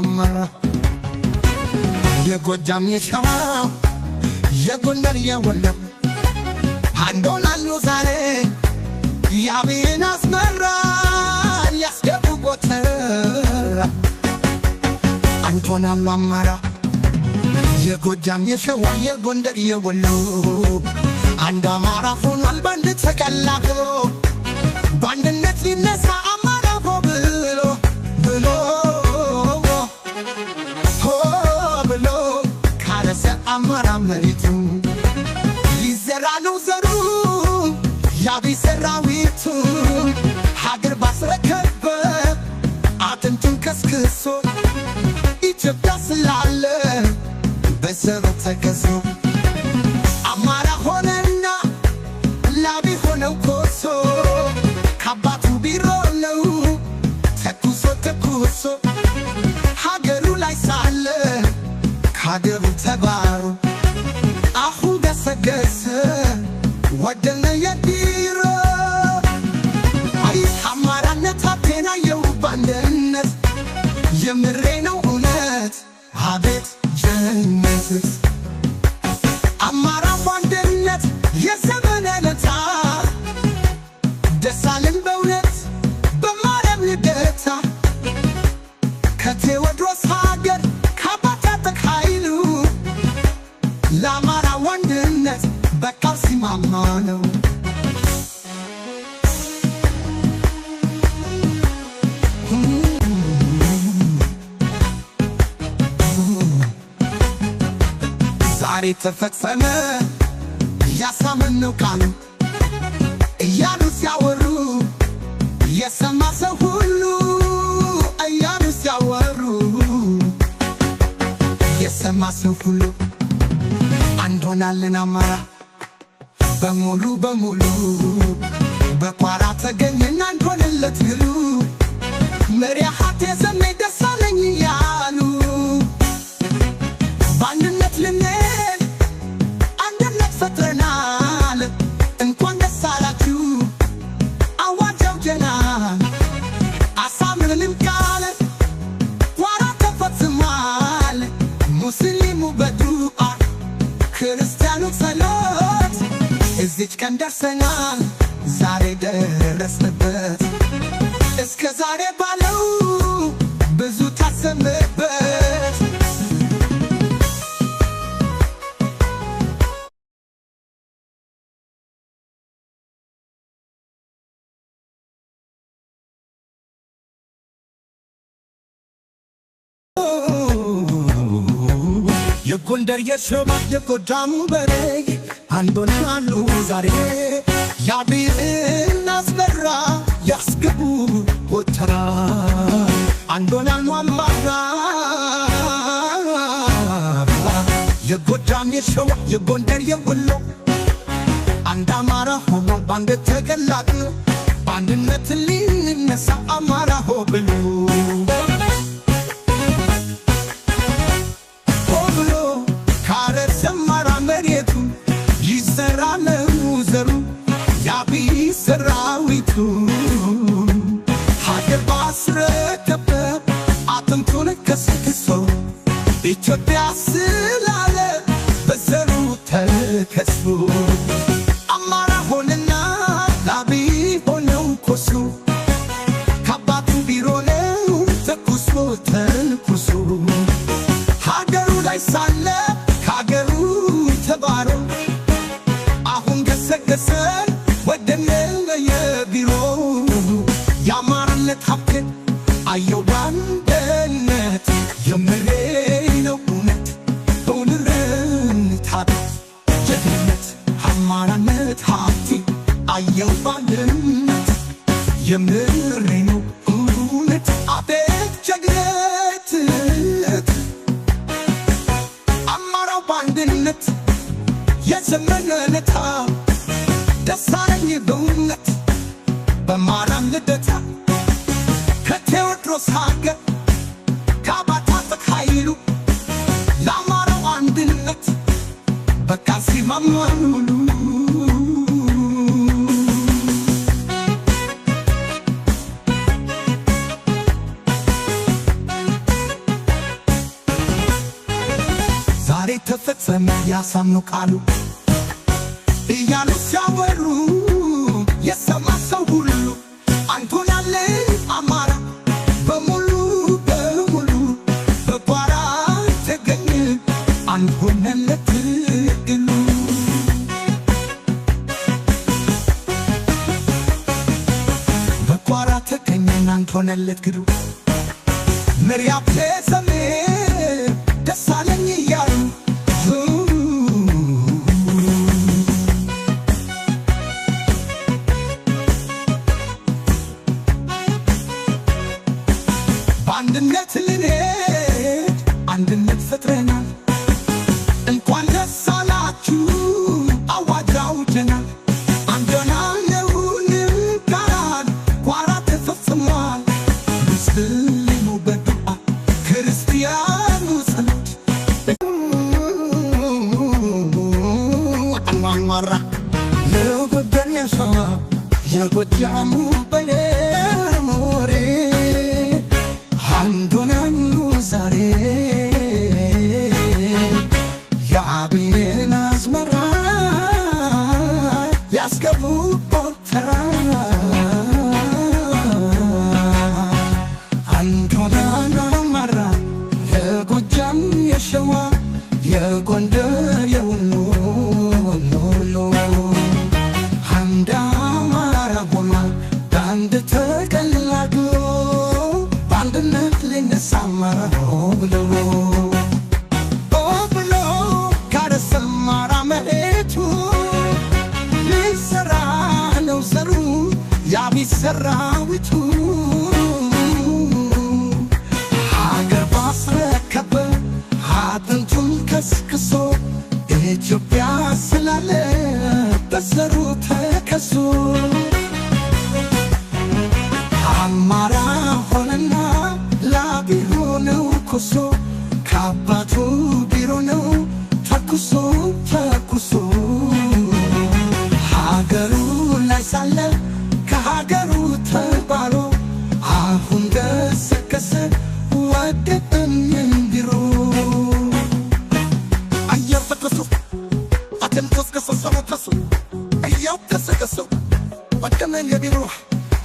ተጀመረ። የጎጃም የሸዋ የጎንደር የወለም አንድ ሆናሉ ዛሬ ያብይን አስመራን ያስገቡ ጎተራ አንድ አማራ የጎጃም የሸዋ የጎንደር የወለም አንድ አማራ ሆኗል በአንድ ተቀላቅሎ በአንድነት ሊነሳ አማራ ብሎ ብሎ አይመራም መሬቱ ሊዘራ ነው ዘሩ የአብይ ሰራዊቱ ሀገር ባስረከበ አጥንቱን ከስክሶ ኢትዮጵያ ስላለ በሰበብ ተገዞ አማራ ሆነና ላቤ ሆነው ኮሶ ከአባቱ ቢሮ ነው ተኩሶ ተኩሶ ሀገሩ ላይ ሳለ ከሀገሩ ተባሩ። እውነት አቤት ጀነት አማራ ጓንደነት የዘመ ዛሬ ተፈጸመ እያሳምን ነው ቃሉ እያሉ ሲያወሩ የሰማ ሰው ሁሉ እያሉ ሲያወሩ የሰማ ሰው ሁሉ አንድ ሆናልን አማራ በሙሉ በሙሉ በቋራ ተገኘና አንድ ሆነለት ግሉ መሪያ ሀቴ ዘመኝ ደሳለኝ ያ ሙስሊሙ በዱዓ ክርስቲያኑ ጸሎት እዚች ቀን ደርሰናል ዛሬ ደረስንበት እስከ ዛሬ ባለው የጎንደር የሸማ የጎጃሙ በሬ አሉ ዛሬ ያብይን አስመራ ያስገቡ ወተራ አንዶናሉ አማራ የጎጃም የሸዋ የጎንደር የወሎ አንድ አማራ ሆኖ በአንድ ተገላቅሎ በአንድነት ሊነሳ አማራ ሆ ብሎ መሬቱ ይዘራለው ዘሩ ያብይ ሰራዊቱ ሀገር ባስረከበ አጥንቱን ከስክሶ ኢትዮጵያ ስላለ በዘሩ ተከሱ አሁን ገሰገሰ ወደነ ቢሮ ያማረለት ሀብትን አየው ባንድነት የምሬ ነው እውነት በውንርነት ጀግንነት አማራነት ሀብቲ አየው የምሬ ነው ዘመነለታ ደሳለኝ በእውነት በማርያም ልደታ ከቴዎድሮስ ሀገር ከአባታ ተካይሉ ለአማራው አንድነት በቃ ማማኑሉ ዛሬ ተፈጸመ ያሳምኑ ቃሉ እያለ ሲያወሩ የሰማ ሰው ሁሉ አንቶን ያለ በሙሉ በሙሉ በጓራ ተገኘ አንድ ሆነለት እሉ በጓራ ተገኘን የጎጃሙ በለሞሬ አንዱን አኑ ዛሬ ተቀልላዶ በአንድነት ብሎ መሬቱ ሊሰራ ነው ዘሩ ሰራዊቱ ተኩሶ ከአባቱ ቢሮ ነው ተኩሶ ተኩሶ ሀገሩ ላይ ሳለ ከሀገሩ ተባሮ አሁን ገሰገሰ ወደ ቢሮ አየር ተኩሶ አደም ገሰገሰ ሰው ተሱ እያው ገሰገሰው ወደ ቢሮ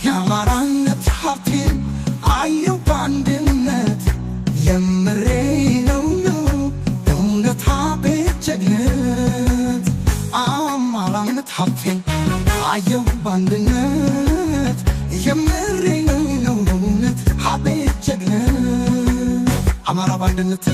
የአማራነት ሀብቴ በአንድነት የምሬ ነው እውነት ሀቤት ጀግነት አማራ በአንድነት